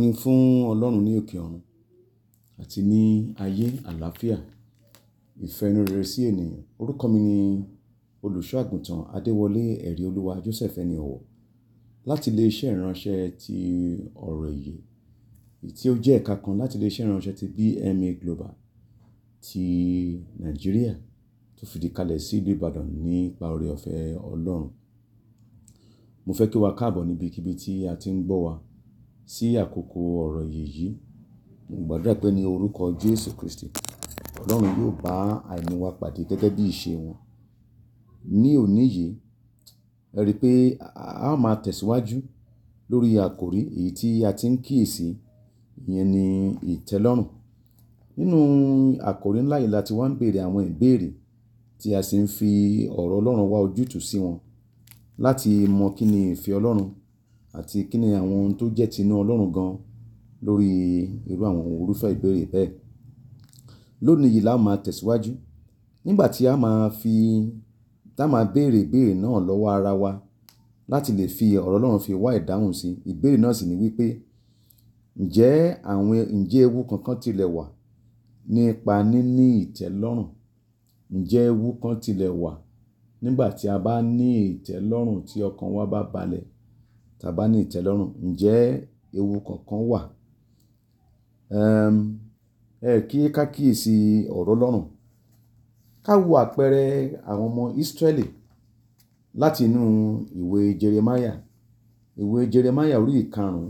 ni fún Ọlọ́run ní òkè ọ̀run àti ní ayé àlàáfíà, ìfẹ́ inú rere sí ènìyàn. Orúkọ mi ni Olùṣọ́ àgùntàn Adéwọlé ẹ̀rí Olúwa Joseph ẹni ọ̀wọ̀ láti ilé iṣẹ́ ìránṣẹ́ ti ọ̀rọ̀ ìyè tí ó jẹ́ ẹ̀ka kan láti ilé iṣẹ́ ìránṣẹ́ ti BMA Global ti Nàìjíríà tó fìdí kalẹ̀ sí ìlú Ìbàdàn nípa oore ọ̀fẹ́ Ọlọ́run. Mo fẹ́ kí wa káàbọ̀ níbikíbi tí a ti ń gbọ́ wa sí àkókò ọ̀rọ̀ ìyè yìí. Mo gbàdúrà pé ní orúkọ Jésù Kristi, Ọlọ́run yóò bá àìní wa pàdé gẹ́gẹ́ bí ìṣe wọn. Ní òní yìí, ẹ rí pé a ó máa tẹ̀síwájú lórí àkòrí èyí tí a ti ń kíyèsi, ìyẹn ni ìtẹ́lọ́rùn. Nínú àkòrí ńlá yìí la ti wá ń bèèrè àwọn ìbéèrè tí a sì ń fi ọ̀rọ̀ Ọlọ́run wá ojútùú sí wọn láti mọ kín ni ìfẹ́ Ọlọ́run àti kí ni àwọn ohun tó jẹ́ tinú Ọlọ́run gan lórí irú àwọn irúfẹ́ ìbéèrè bẹ́ẹ̀. Lónìí yìí la máa tẹ̀síwájú nígbà tí a máa fi, tá a máa béèrè ìbéèrè náà lọ́wọ́ ara wa láti lè fi ọ̀rọ̀ Ọlọ́run fi wá ìdáhùn sí. Ìbéèrè náà sì ni wípé, ǹjẹ́ àwọn, ǹjẹ́ ewu kankan tilẹ̀ wà nípa níní ìtẹ́lọ́rùn? Ǹjẹ́ ewu kan tilẹ̀ wà nígbà tí a bá ní ìtẹ́lọ́rùn tí ọkàn wa bá balẹ̀? tá a bá ní ìtẹ́lọ́rùn ǹjẹ́ ewu kankan wà? Ẹ kí ká kíyèsí ọ̀rọ̀ Ọlọ́run. Ká wo àpẹẹrẹ àwọn ọmọ Ísírẹ́lì láti inú ìwé Jeremiah. Ìwé Jeremiah orí ìkarùn-ún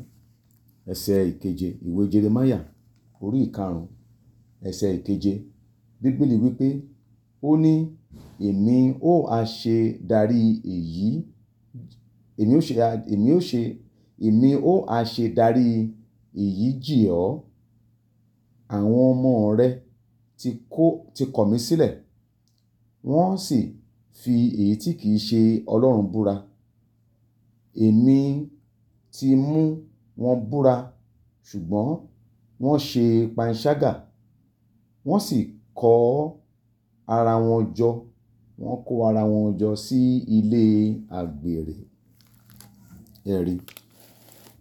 ẹsẹ̀ ìkeje. Ìwé Jeremiah orí ìkarùn-ún ẹsẹ̀ ìkeje. Bíbélì wípé ó ní, èmi ó ha ṣe darí èyí èmi ó ṣe èmi ó ṣe èmi ó ha ṣe darí èyí jì ọ́ àwọn ọmọ rẹ ti kó ti kọ̀ mí sílẹ̀ wọ́n sì fi èyí tí kì í ṣe Ọlọ́run búra èmi ti mú wọn búra ṣùgbọ́n wọ́n ṣe panṣágà wọ́n sì kó ara wọn jọ wọ́n kó ara wọn jọ sí ilé àgbèrè ẹ̀rí.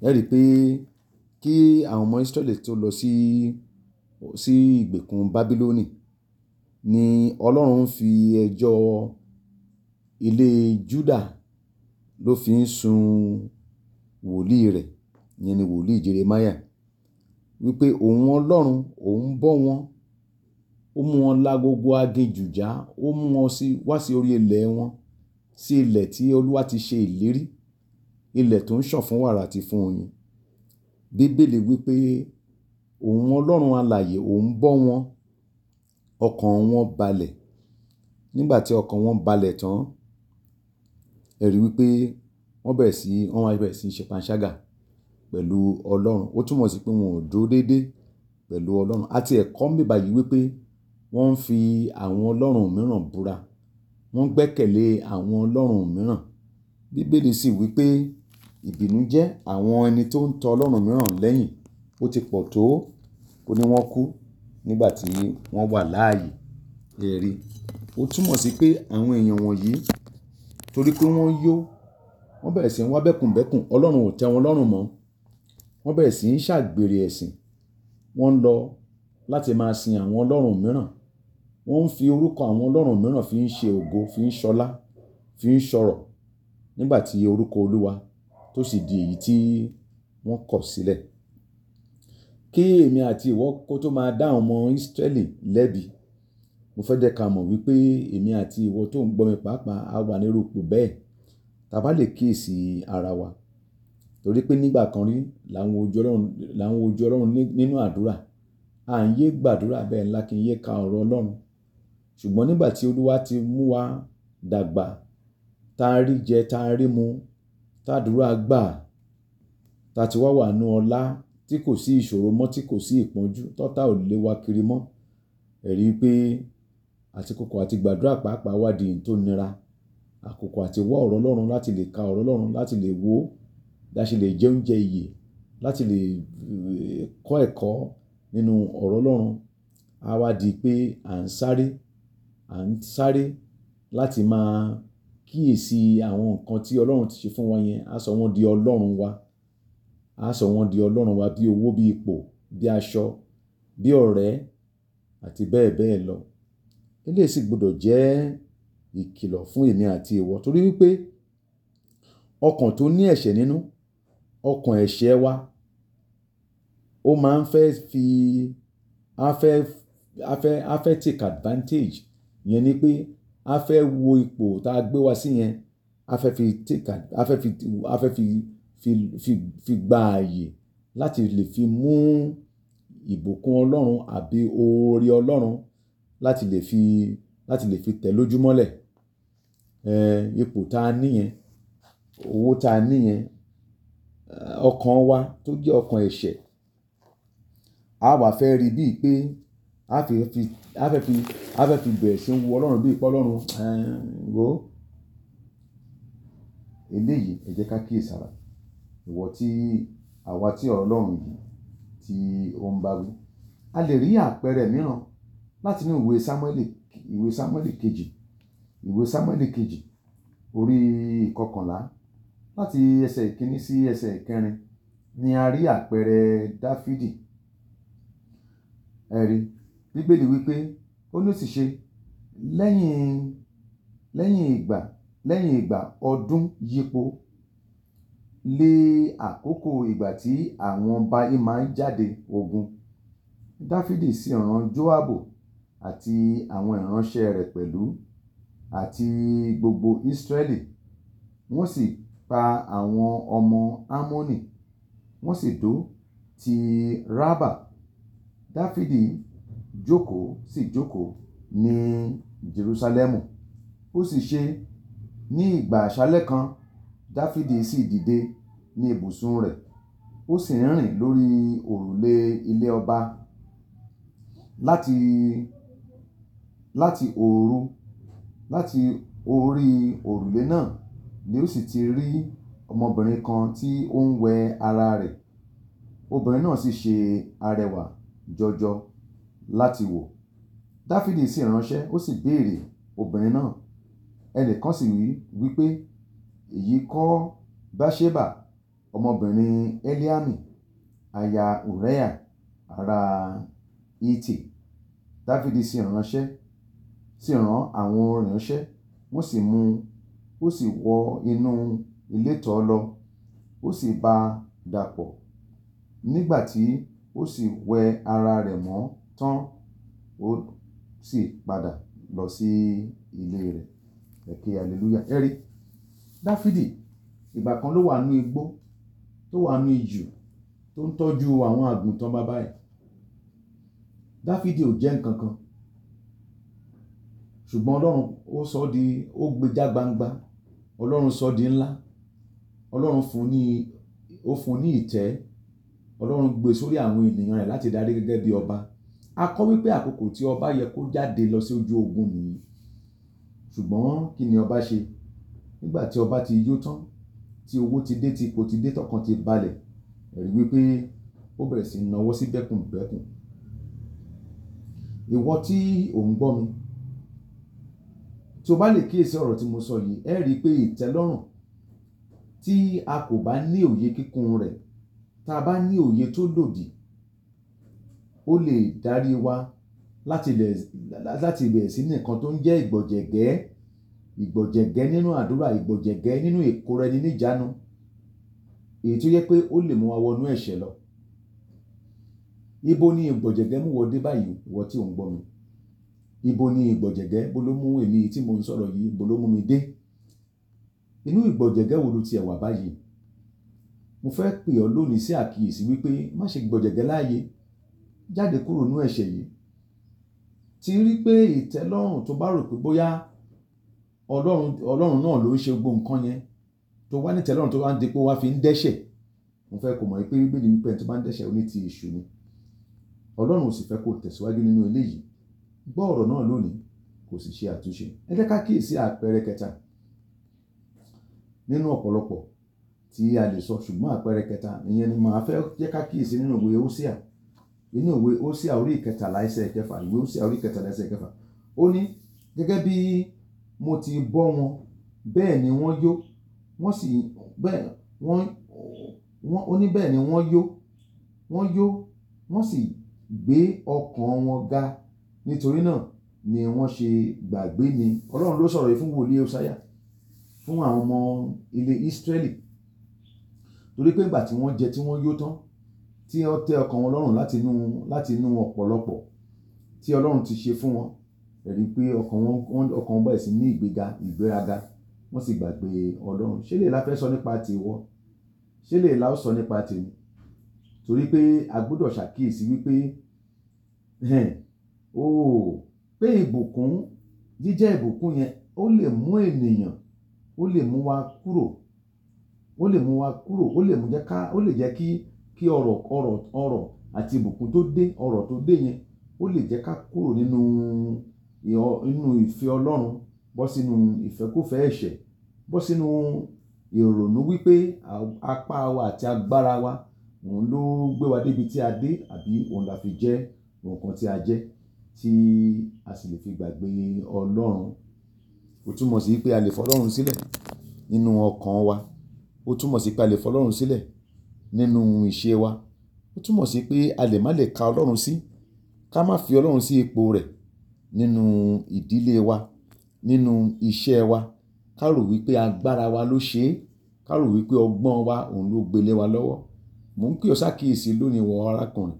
Ẹ rí pé kí àwọn ọmọ Israẹli tó lọ sí, sí ìgbèkùn Babiloni ni Ọlọ́run fi ẹjọ́ ilé Juda ló fi ń sun wòlíì rẹ̀, ìyẹn ni wòlíì Jeremiah wípé òun Ọlọ́run, òun bọ́ wọn, ó mú wọn lágogo aginjù já, ó mú wọn sí, wá sí orí ilẹ̀ wọn, sí ilẹ̀ tí Olúwa ti ṣe ìlérí ilẹ̀ tó ń ṣàn fún wàrà àti fún oyin. Bíbélì wípé òun Ọlọ́run alààyè òun bọ́ wọn, ọkàn wọn balẹ̀. Nígbà tí ọkàn wọn balẹ̀ tán, ẹ rí wípé wọ́n bẹ̀rẹ̀ sí, wọ́n máa bẹ̀rẹ̀ sí í ṣe panṣágà pẹ̀lú Ọlọ́run. Ó túmọ̀ sí pé wọn ò dúró dédé pẹ̀lú Ọlọ́run. A ti ẹ̀kọ́ ń bí báyìí wípé wọ́n ń fi àwọn Ọlọ́run mìíràn búra. Wọ́n gbẹ́kẹ̀lé àwọn Ọlọ́run mìíràn. Bíbélì sì wípé ìbìnújẹ́ àwọn ẹni tó ń tọ Ọlọ́run mìíràn lẹ́yìn ó ti pọ̀ tó ó ní wọ́n kú nígbà tí wọ́n wà láàyè ẹ̀rí. Ó túmọ̀ sí pé àwọn èèyàn wọ̀nyí torí pé wọ́n yó, wọ́n bẹ̀rẹ̀ sí ń wá bẹ́kùnbẹ́kùn, Ọlọ́run ò tẹ́ wọn lọ́rùn mọ́. Wọ́n bẹ̀rẹ̀ sí ń ṣàgbèrè ẹ̀sìn, wọ́n ń lọ láti máa sin àwọn Ọlọ́run mìíràn. Wọ́n ń fi orúkọ àwọn Ọlọ́run mìíràn fi ń ṣe ògo, fi ń ṣọlá, fi ń ṣọ̀rọ̀ nígbà tí orúkọ Olúwa tó sì di èyí tí wọ́n kọ̀ sílẹ̀ kí èmi àti ìwọ kó tó máa dá àwọn ọmọ Ísírẹ́lì lẹ́bi mo fẹ́ jẹ́ ká mọ̀ wípé èmi àti ìwọ tó ń gbọ́ mi pàápàá á wà nírú ipò bẹ́ẹ̀ tá a bá lè kíyèsí ara wa torí pé nígbà kan rí làwọn ojú ọlọ́run làwọn ojú ọlọ́run nínú àdúrà à ń yé gbàdúrà bẹ́ẹ̀ ńlá kí n yé ka ọ̀rọ̀ ọlọ́run ṣùgbọ́n nígbà tí olúwa ti mú wa dàgbà tá a rí jẹ tá a rí mu tàdúrà gbà tá a ti wá wà nú ọlá tí kò sí ìṣòro mọ́ tí kò sí ìpọ́njú tọ́tá ò lè wá kiri mọ́ ẹ̀rí pé àti àti gbàdúrà pàápàá wá tó nira àkókò àti wá ọ̀rọ̀ Ọlọ́run láti lè ka ọ̀rọ̀ Ọlọ́run láti lè wo láti lè jẹ oúnjẹ ìyè láti lè eh, kọ́ ẹ̀kọ́ nínú ọ̀rọ̀ Ọlọ́run á wá di pé à ń sáré à ń sáré láti máa kíyèsí àwọn nǹkan tí ọlọ́run ti ṣe fún wa yẹn á sọ wọ́n di ọlọ́run wa á sọ wọ́n di ọlọ́run wa bí owó bí ipò bí aṣọ bí ọ̀rẹ́ àti bẹ́ẹ̀ bẹ́ẹ̀ lọ eléyìí sì gbọdọ̀ jẹ́ ìkìlọ̀ fún èmi àti ìwọ torí wípé ọkàn tó ní ẹ̀ṣẹ̀ nínú ọkàn ẹ̀ṣẹ̀ wa ó máa ń fẹ́ fi afẹ́ afẹ́ afẹ́ take advantage yẹn ni pé a fẹ́ wo ipò tá a gbé wa sí yẹn a fẹ́ fi take a fẹ́ fi a fẹ́ fi fi fi fi gba ààyè láti lè fi mú ìbùkún ọlọ́run àbí oore ọlọ́run láti lè fi láti lè fi tẹ̀ lójúmọ́lẹ̀ ipò tá a níyẹn owó tá a níyẹn ọkàn wa tó jẹ́ ọkàn ẹ̀ṣẹ̀ a wà fẹ́ rí bíi pé á fẹ́ fi á fẹ́ fi á fẹ́ fi bẹ̀rẹ̀ sí ń wo ọlọ́run bí ipa ọlọ́run wo eléyìí ẹ jẹ́ ká kíyèsára ìwọ tí àwa tí ọ̀rọ̀ ọlọ́run yìí tí ó ń bá wí. a lè rí àpẹẹrẹ mìíràn láti inú ìwé Sámúẹ́lì ìwé Sámúẹ́lì kejì ìwé Sámúẹ́lì kejì orí kọkànlá láti ẹsẹ̀ ìkíní sí ẹsẹ̀ ìkẹrin ni a rí àpẹẹrẹ Dáfídì ẹ̀rí Bíbélì wípé ó ní òṣìṣẹ́ lẹ́yìn, lẹ́yìn ìgbà, lẹ́yìn ìgbà ọdún yípo lé àkókò ìgbà tí àwọn bayi máa ń jáde ogun. Dafidi sì ran Joabu àti àwọn ìránṣẹ́ rẹ̀ pẹ̀lú àti gbogbo Israẹli. Wọ́n sì pa àwọn ọmọ amoni wọ́n sì dó ti Rabba. Dafidi jókòó sì jókòó ní Jerusalemu. Ó sì ṣe, ní ìgbà àṣálẹ́ kan, Dafidi sì dìde ní ibùsùn rẹ̀, ó sì ń rìn lórí òrùlé ilé ọba láti, láti òru, láti orí òrùlé náà ni ó sì ti rí ọmọbìnrin kan tí ó ń wẹ ara rẹ̀. Obìnrin náà sì ṣe arẹwà jọjọ láti wò dáfídì sì ránṣẹ́ ó sì béèrè obìnrin náà ẹnìkan sì wí pé èyí kọ́ báṣeba ọmọbìnrin eliami aya ureya ara iti dáfídì sì ránṣẹ́ sì rán àwọn ránṣẹ́ wọ́n sì mú ó sì wọ inú ìletò lọ ó sì bá dàpọ̀ nígbà tí ó sì wẹ ara rẹ̀ mọ́ tán ó sì padà lọ sí ilé rẹ̀ ẹ̀kẹ́ hallelujah ẹ rí dáfídì ìgbà kan ló wà nú igbó tó wà nú ijù tó ń tọ́jú àwọn àgùntàn bàbá ẹ̀ dáfídì ò jẹ́ nǹkan kan ṣùgbọ́n ọlọ́run ó sọ di ó gbèjà gbangba ọlọ́run sọ di ńlá ọlọ́run fún ní ó fún ní ìtẹ́ ọlọ́run gbé e sórí àwọn ènìyàn rẹ̀ láti darí gẹ́gẹ́ bí ọba a kọ́ wípé àkókò tí ọba yẹ kó jáde lọ sí ojú ogun nìyí ṣùgbọ́n kí ni ọba ṣe nígbà tí ọba ti yó tán tí owó ti dé tí ipò ti dé tọkàn ti balẹ̀ ẹ̀rí wípé ó bẹ̀rẹ̀ sí náwó sí bẹ́kùnbẹ́kùn ìwọ tí ò ń gbọ́ mi tí o bá lè kíyèsí ọ̀rọ̀ tí mo sọ yìí ẹ rí i pé ìtẹ́lọ́rùn tí a kò bá ní òye kíkún rẹ̀ tá a bá ní òye tó lòdì ó lè darí wa láti bẹ̀rẹ̀ sí ní nǹkan tó ń jẹ́ ìgbọ̀jẹ̀gẹ́ ìgbọ̀jẹ̀gẹ́ nínú àdúrà ìgbọ̀jẹ̀gẹ́ nínú ìkóra ẹni níjánu èyí tó yẹ pé ó lè mú wa wọnú ẹ̀ṣẹ̀ lọ. Ibo ni ìgbọ̀jẹ̀gẹ́ mú wọ dé báyìí ìwọ tí ò ń gbọ́ mi? Ibo ni ìgbọ̀jẹ̀gẹ́ bó ló mú èmi tí mò ń sọ̀rọ̀ yìí bó ló mú mi dé? Inú ìgbọ̀jẹ̀gẹ́ wo lo tiẹ̀ wà báyìí? Mo fẹ́ pè ọ́ lónìí sí àkíyèsí wípé má ṣe gbọ̀jẹ̀gẹ́ láàyè jáde kúrò nínú ẹ̀ṣẹ̀ yìí ti rí pé ìtẹ́lọ́rùn tó bá rò pé bóyá ọlọ́run náà ló ń ṣe gbogbo nǹkan yẹn tó wá ní ìtẹ́lọ́rùn tó wá ń di pé wá fi ń dẹ́ṣẹ̀ mo fẹ́ kó mọ̀ pé bíbélì wípé ẹni tó bá ń dẹ́ṣẹ̀ oní ti èṣù ni ọlọ́run ò sì fẹ́ kó tẹ̀síwájú nínú eléyìí gbọ́ ọ̀rọ̀ náà lónìí kò sì ṣe àtúnṣe ẹ jẹ́ ká kíyèsí àpẹẹrẹ kẹta nínú ọ̀pọ̀lọpọ̀ tí a lè sọ ṣùgbọ́n àpẹẹrẹ kẹta ìyẹn ni màá fẹ́ jẹ́ ká kíyèsí nínú ìwé Hósíà nínú ìwé Hósíà orí ìkẹtàlá ẹsẹ̀ ìkẹfà ìwé Hósíà orí ìkẹtàlá ẹsẹ̀ ìkẹfà ó ní gẹ́gẹ́ bí mo ti bọ́ wọn bẹ́ẹ̀ ni wọ́n yó wọ́n sì bẹ́ẹ̀ wọ́n wọ́n ó ní bẹ́ẹ̀ ni wọ́n yó wọ́n yó wọ́n sì gbé ọkàn wọn ga nítorí náà ni wọ́n ṣe gbàgbé mi ọlọ́run ló sọ̀rọ̀ yìí fún wòlíì ọ̀sáyà fún àwọn ọmọ ilẹ̀ Ísírẹ́lì torí pé ìgbà tí wọ́n jẹ tí wọ́n yó tán tí wọ́n tẹ́ ọkàn wọn lọ́rùn láti inú láti inú ọ̀pọ̀lọpọ̀ tí Ọlọ́run ti ṣe fún wọn ẹ̀rí pé ọkàn wọn ọkàn wọn báyìí sí ní ìgbéga ìgbéraga wọ́n sì gbàgbé Ọlọ́run ṣé lè la fẹ́ sọ nípa tìwọ ṣé lè la ó sọ nípa tèmi torí pé a gbọ́dọ̀ ṣàkíyèsí wípé ó pé ìbùkún jíjẹ́ ìbùkún yẹn ó lè mú ènìyàn ó lè mú wa kúrò ó lè mú wa kúrò ó lè mú jẹ́ ká ó lè jẹ́ kí kí ọrọ̀ ọrọ̀ ọrọ̀ àti ìbùkún tó dé ọrọ̀ tó dé yẹn ó lè jẹ́ ká kúrò nínú inú ìfẹ́ Ọlọ́run bọ́ sínú ìfẹ́kúfẹ̀ẹ́ ẹ̀ṣẹ̀ bọ́ sínú ìrònú wípé apá wa àti agbára wa òun ló gbé wa débi tí a dé àbí òun la fi jẹ́ nǹkan tí a jẹ́ tí a sì lè fi gbàgbé Ọlọ́run ó túmọ̀ sí pé a lè fọlọ́run sílẹ̀ nínú ọkàn wa ó túmọ̀ sí pé a lè fọlọ́run sílẹ̀ nínú ìṣe wa. Ó túmọ̀ sí pé a lè má lè ka Ọlọ́run sí, ká má fi Ọlọ́run sí ipò rẹ̀ nínú ìdílé wa, nínú iṣẹ́ wa. Ká rò wípé agbára wa ló ṣe é, ká rò wípé ọgbọ́n wa òun ló gbe lé wa lọ́wọ́. Mò ń pè ọ́ sákíyèsí lónìí ìwọ arákùnrin,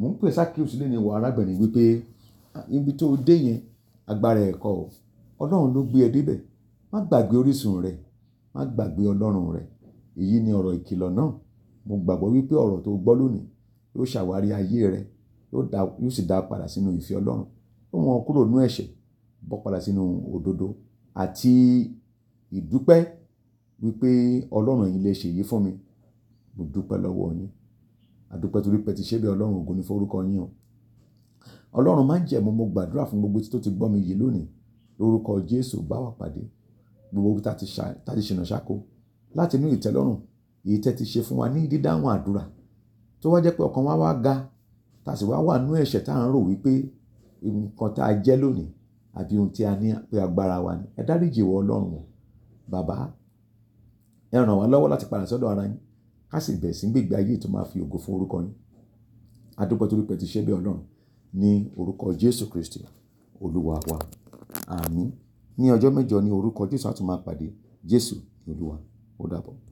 mò ń pè ọ́ sákíyèsí lónìí ìwọ arábìnrin wípé níbi tó dé yẹn, agbára ẹ̀ o. Ọlọ́run ló gbé ẹ dé Má gbàgbé orísun rẹ, má gbàgbé Ọlọ́run rẹ. Èyí ni ọ̀rọ̀ ìkìlọ̀ náà mo gbàgbọ́ wípé ọ̀rọ̀ tó gbọ́ lónìí yóò ṣàwárí ayé rẹ yóò sì dá padà sínú ìfẹ́ Ọlọ́run ó wọn kúrò nínú ẹ̀ṣẹ̀ bọ́ padà sínú òdodo àti ìdúpẹ́ wípé Ọlọ́run yìí lè ṣe èyí fún mi mo dúpẹ́ lọ́wọ́ yín àdúpẹ́ torí pé ti ṣe bí Ọlọ́run ògo ni forúkọ yín o Ọlọ́run má jẹ̀mú mo gbàdúrà fún gbogbo tí tó ti gbọ́ mi yìí lónìí lórúkọ Jésù bá wa pàdé gbogbo tá ti ṣìnà ṣáko láti inú ìtẹ́lọ́rùn èyí tẹ́ ti ṣe fún wa ní dídáhùn àdúrà tó wá jẹ́ pé ọkàn wa wá ga tá a sì wá wà nú ẹ̀ṣẹ̀ tá à ń rò wípé nǹkan tá a jẹ́ lónìí àbí ohun tí a ní pé agbára wa ni ẹ dáríjì ìwọ ọlọ́run o bàbá ẹ ràn wá lọ́wọ́ láti padà sọ́dọ̀ ara yín ká sì bẹ̀rẹ̀ sí gbègbè ayé tó máa fi ògo fún orúkọ yín adúpẹ́ torí pé ti ṣe bí ọlọ́run ní orúkọ jésù kristi olúwa wa àmín ní ọjọ́ mẹ́jọ ní orúkọ jésù a tún máa pàdé jésù olúwa ó dàbọ̀.